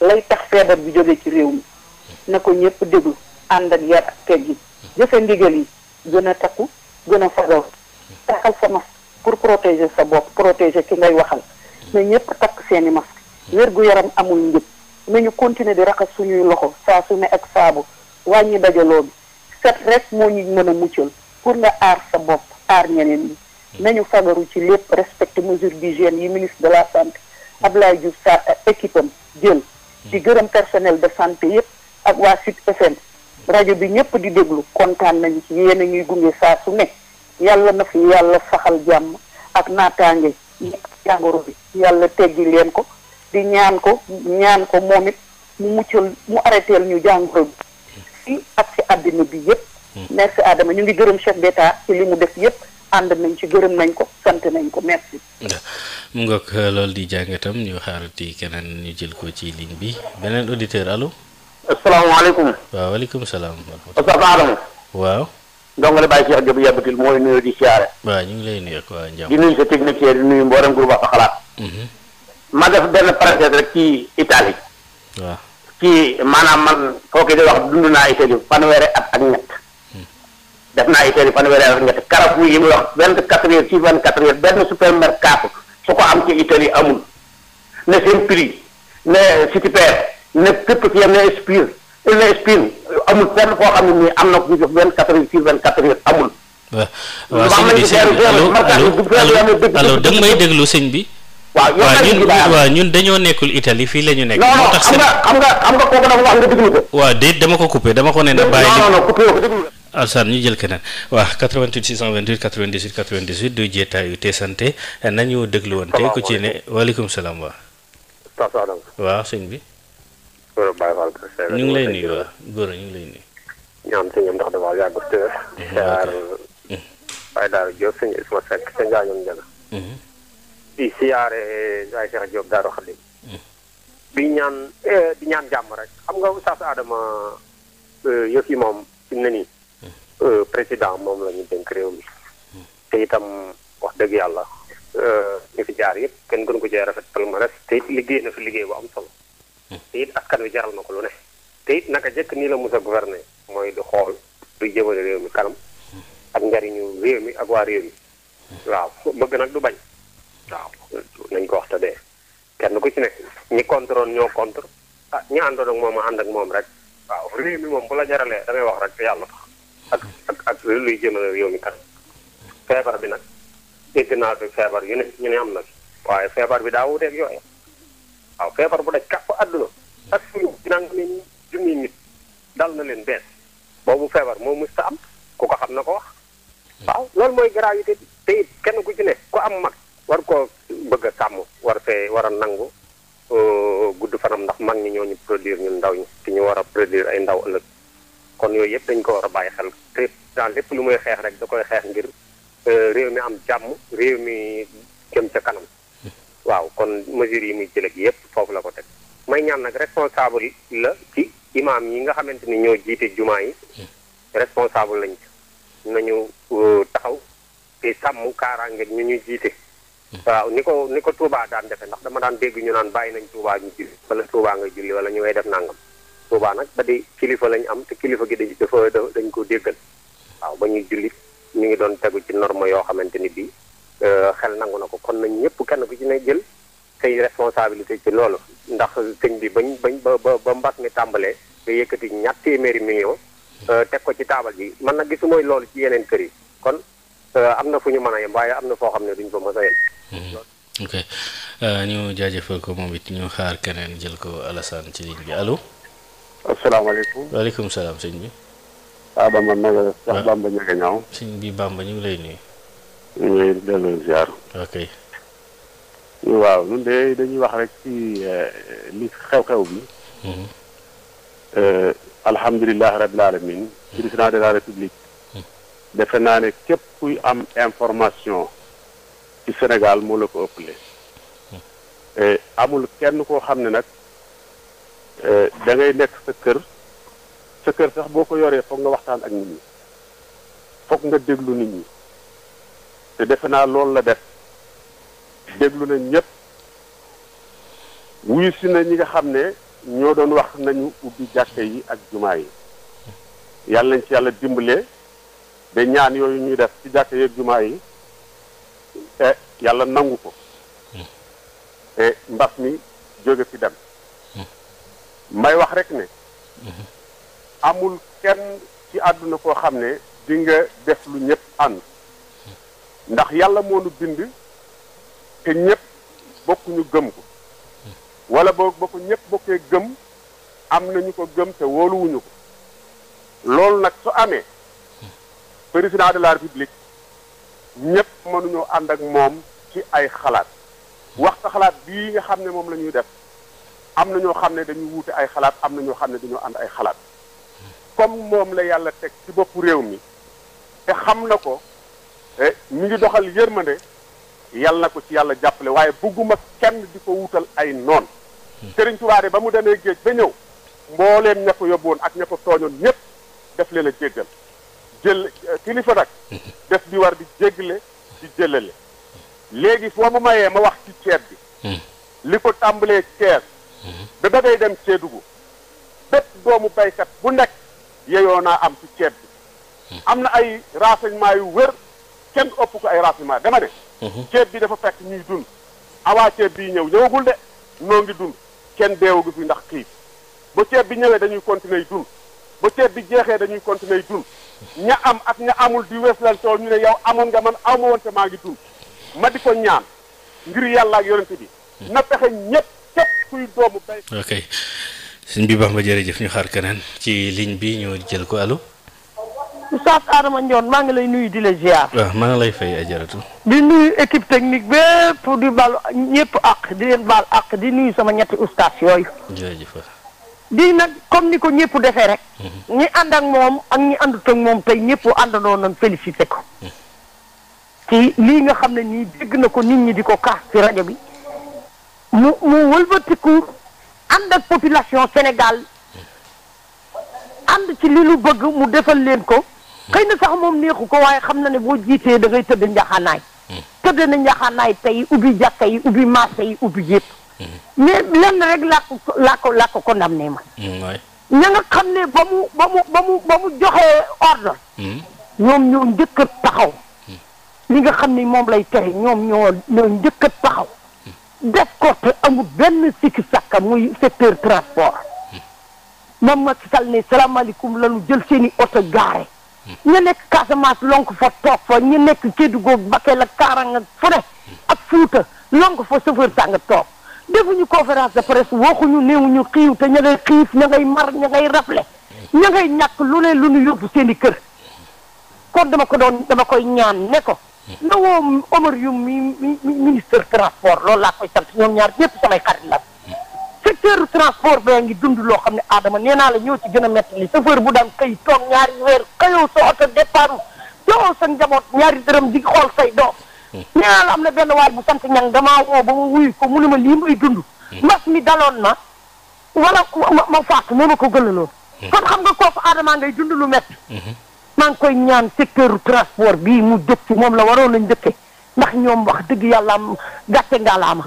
lay tax feebar bi jóge ci réew mi. na ko ñëpp déglu ànd ak yar ak teggin. jëfe ndigal yi gën a takku gën a fagaw. taxal sama masque pour protéger sa bopp protéger ki ngay waxal. na ñëpp takk seeni masque wér-gu-yaram amul njëg nañu continuer di raxas suñuy loxo saa su ne ak saabu wàññi dajaloo bi set rek moo ñu mën a muccal pour nga aar sa bopp aar ñeneen ñi nañu fagaru ci lépp respecté mesure d'hygiène yi ministre de la santé Abdoulaye Diouf Sarr ak équipe am jël di gërëm personnel de santé yépp ak waa Sud FM rajo bi ñëpp di déglu kontaan nañu ci yéen a ñuy gunge saa su ne yàlla na fi yàlla faxal jàmm ak naataange jàngoro bi yàlla teggi leen ko di ñaan ko ñaan ko moom it mu muccal mu arrêteel ñu jàngoro bi fii ak si àddina bi yëpp hmm. merci Adama ñu ngi gërëm chef d'état ci li mu def yëpp ànd nañ ci gërëm nañ ko sant nañ ko merci mu nga ko euh, loolu di jàngatam ñu xaarati keneen ñu jël ko ci ligne bi beneen auditeur allo asalaamaaleykum waaw waaleykum salaam Oustaz Adama waaw ndongo la bàyyi Cheikh Diop yàbbatil mooy nuyu di siyaare waaw ñu ngi lay nuyu ak waa Ndiamb di nuyu sa technicien di nuyu mboolem groupe Wax ma def benn parenthèse rek ci Italie. waaw kii maanaam man kooku di wax dund naa Italie fanweeri at ak ñett. Hmm. def naa Italie fanweeri at ak ñett Carrefour yi mu wax vingt quatre heures ci vingt quatre heures benn supermercato su ko am ci Italie amul. ne seen prix ne Cityper ne képp ci yam ne Spir ne Spir amul fenn foo xam ne nii am na ku ñu jox vingt quatre heures ci vingt quatre heures amul. waaw waaw sëñ bi may déglu sëñ bi. waaw ñun waaw ñun dañoo nekkul Italie fii la ñu nekk. moo tax seen xam nga xam ko. waaw dama ko coupé dama ko ne na bàyyi. non non coupé ko déglu Alsaan ñu jël keneen waaw 88 628 98 98 du te santé nañu déglu woon te ko ci ne waaleykum salaam wa. waaw sëñ bi. ñu ngi lay nuyu waaw góor ñu ngi lay nuyu. ñaan si ñoom ndax di siyaare Baye eh, Cheikh Diop Daaru Xadim di ñaan eh, di ñaan jàmm rek xam nga Oustaz Adama eh, yëf yi moom fi mu ne nii président moom la ñu réew mi te itam wax dëgg yàlla ñu fi jaar yëpp kenn gën ko jee rafetal ma res te it liggéey na fi liggéey bu am solo te it askan wi jaral na ko lu ne te it naka jëkk nii la mos a mooy du xool du jëmale réew mi kanam ak njariñu réew mi ak waa réew mi waaw bëgg nag du bañ waaw nañ ko wax te kenn ku ci nekk ñi contrôle ñoo contre ah ñi àndoon ak moom a ànd moom rek waaw réew mi moom bu la jaralee da wax rek te yàlla tax ak ak ak luy jëmale réew feebar bi nag dégg naa fi ñu am na waaye feebar bi daa wuteeg yooyu waaw bu daj kàpp àdduna ak suñu dal na leen bees boobu feebar moom mës ta am ko xam na ko wax waaw loolu mooy gravité bi te kenn ku ci ne ku am mag war koo bëgg a sàmm war fee war a nangu euh, gudd fanam ndax mag ñi ñoo ñu produire ñun ndaw ñi te ñu war a produire ay ndaw ëllëg kon yooyu yëpp dañ ko war a bàyyi xel président lépp lu muy xeex rek da koy xeex ngir euh, réew mi am jàmm réew mi jëm ca kanam waaw kon mesures yi muy jëlee yëpp foofu la ko teg may ñaan nag responsable la ci imaam yi nga xamante ni ñoo jiite jumaa yi responsable lañ ci nañu euh, taxaw te sàmm kaaraange ñu ñu jiite waaw ni ko ni ko Touba daan defe ndax dama daan dégg ñu naan bàyyi nañ Touba ñu julli wala Touba nga julli wala ñu way def nangam Touba nag ba di kilifa lañ am te kilifa gi dañ dafa dañ ko déggal waaw ba ñuy julli ñu ngi doon tegu ci norme yoo xamante ni bii euh, xel nangu na ko kon nañ ñëpp kenn ku ci ne jël say responsabilité ci loolu ndax sëñ bi bañ bañ ba ba mbas mi tàmbalee nga yëkkati ñatt téeméeri million euh, teg ko ci taabal ji man nag gisumooy loolu ci yeneen yi Euh, am na fu ñu mën a yem waaye am na foo xam ne duñ ko mën a yem. Hmm. ok euh, ñu jaajëfal ko moom it ñu xaar keneen jël ko Alassane ci ligne bi allo. asalaamaaleykum waaleykum salaam sëñ bi. Adama ah, ah. Mbengue ñu ngi lay nuyu. waaw ñun dañuy wax rek ci euh, li xew-xew bi. Hmm. alhamdulilah rabil alamin président de la république. defe naa ne képp kuy am information ci Sénégal moo la ko ëppale hmm. eh, amul kenn koo xam ne nag eh, da ngay nekk sa kër sa kër sax boo ko yoree foog nga waxtaan ak nit ñi foog nga déglu nit ñi te defe naa loolu la def déglu nañ ñëpp wuyu si na ñi nga xam ne ñoo doon wax nañu ubbi jàkka yi ak jumaa yi yàlla nañ ci yàlla dimbalee ba ñaan yooyu ñuy def ci jàkk yeeg jumaa yi yàlla nangu ko te mbas mi jóge fi dem may wax rek ne amul kenn ci àdduna koo xam ne di nga def lu ñëpp ànd ndax yàlla moonu nu bind te ñëpp bokkuñu gëm ko wala boo ba ko ñëpp bokkee gëm am nañu ko gëm te wooluwuñu ko loolu nag su amee président de la république ñëpp mënuñoo ànd ak moom ci ay xalaat wax xalaat bii nga xam ne moom la ñuy def am na ñoo xam ne dañuy wuute ay xalaat am na ñoo xam ne dañoo ànd ay xalaat comme moom la yàlla teg ci boppu réew mi te xam na ko mu ngi doxal yërmande yàlla na ko ci yàlla jàppale waaye bëgguma kenn di ko wutal ay noon Sëriñ Tuubaa de ba mu demee géej ba ñëw mbooleem ña ko yóbbu ak ña ko tooñoon ñëpp def leen a jéggal jël kilifa nag def bi war di jégle ci jëlale léegi foo ma mayee ma wax ci ceeb bi li ko tàmbalee Cees ba da ngay dem Séedugu bépp doomu baykat bu nekk yeyoo naa am ci ceeb bi am na ay renseignement yu wér kenn ëpp ko ay renseignement dama ne ceeb bi dafa fekk ñuy dund awaa ceeb bii ñëw ñëwagul de noo ngi dund kenn deewagu fi ndax kii ba ceeb bi ñëwee dañuy continuer dund ba ceeb bi jeexee dañuy continuer dund ña am ak ña amul di weesalal tool ñu ne yow amoon nga man aw ma maa ngi dund ma di ko ñaan ngir yàlla ak yonent bi na pexe ñëpp ma jërëjëf ñu xaar keneen ci ligne bi ñu jël ko allo. Oustaz Adama Ndione maa ngi lay nuyu di la ziar. waaw maa ngi lay fay ajaratu. di nuyu équipe technique bépp di baal ñëpp ak di leen baal ak di nuyu sama ñetti oustaz yooyu. lii nag comme ni ko ñëpp defee rek. Mm-hmm. ñi ànd ak moom ak ñi ànd ak moom tey ñëpp àndandoo nañ félicité ko. Mm-hmm. ci lii nga xam ne nii dégg na ko nit ñi di ko kaas ci rajo bi mu mu wëlbatiku ànd ak population Sénégal mm-hmm. ànd ci li lu bëgg mu defal leen ko. xëy na sax moom neexu ko waaye xam na ne boo jiitee da ngay tëdd njaxaanaay. tëdd na njaxaanaay tey ubbi jàkka yi ubbi marché yi ubbi yëpp. mais lenn rek laa ko laa ko laa ko condamné ma. Mm, ña nga xam ne ba mu ba mu ba mu ba mu joxee ordre. Mm. ñoom ñoo njëkk taxaw. Mm. li nga xam ne moom lay tere ñoom ñoo ñoo a taxaw. def ko benn sikki sàkka muy secteur transport. moom Macky Sall ne salaamaaleykum lañu jël seen i oto gaare. ñu nekk Casamance lonk fa toog fa ñu nekk Kédougou Bakel ak Karang ak fu ne ak Fuuta lonk fa chauffeur sànga toog. ñu conférence de presse waxuñu néewuñu xiiw ñu ña ngay xiif ña ngay mar ña ngay rafle ña ngay ñàkk lu ne lu ñu yóbbu seen i kër kon dama ko doon dama koy ñaan ne ko na woo Omar Youm mi ministre transport loolu laa koy sant ñoom ñaar ñëpp samay xarit la secteur transport bee ngi dund loo xam ne aadama nee naa la ñoo ci gën a metti sa chauffeur bu daan xëy toog ñaari weer xëyoo sa oto départ doo sa njaboot ñaari dërëm di xool say doom nee naa la am na benn waay bu sant ñang damaa woo ba wuyu ko mu ne ma lii muy dund. Hmm. mbas mi daloon na wala ku ma ma faatu moo ma ko gënaloon. Hmm. kon xam nga kooku aadamaa ngay dund lu mett hmm. maa ngi koy ñaan secteur transport bii mu jëkk ci moom la waroon nañ jëkke ndax ñoom wax dëgg yàlla am gàcce ngalaama.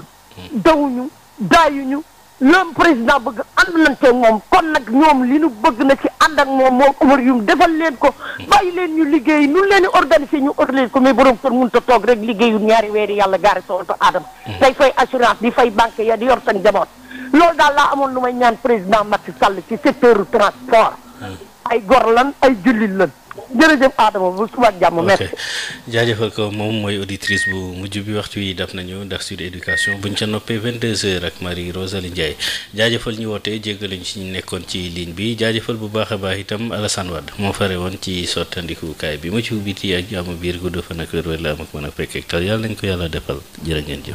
dawuñu daayuñu. loom président bëgg ànd nañ ci moom kon nag ñoom li nu bëgg na ci ànd ak moom moom Omar Youm defal leen ko bàyyi leen ñu liggéey ñun leen di organiser ñu organiser ko mais borom kër mënut a toog rek liggéeyul ñaari weeri yàlla gaari sooto aadama hmm. tey fay assurance di fay banque ya di yor sa njaboot loolu daal laa amoon lu may ñaan président Macky Sall ci secteur transport hmm. ay gor lan ay jullit lan jërëjëf Adama bu suba ak jàmm. merci jaajëfal ko moom mooy auditrice bu mujj bi waxtu yi def nañu ndax Sud Éducation buñ ca noppee 22h ak Marie Rosalie Ndiaye jaajëfal ñu wootee jéggaluñ ci ñu nekkoon ci ligne bi jaajëfal bu baax a baax itam Alassane Wade moo fare woon ci sottandikukaay bi ma ci ubbiti ak jàmm biir gudd fan ak wér-wér la am ak mën a fekk ak tal yàlla nañ ko yàlla defal jërë ngeen jëf.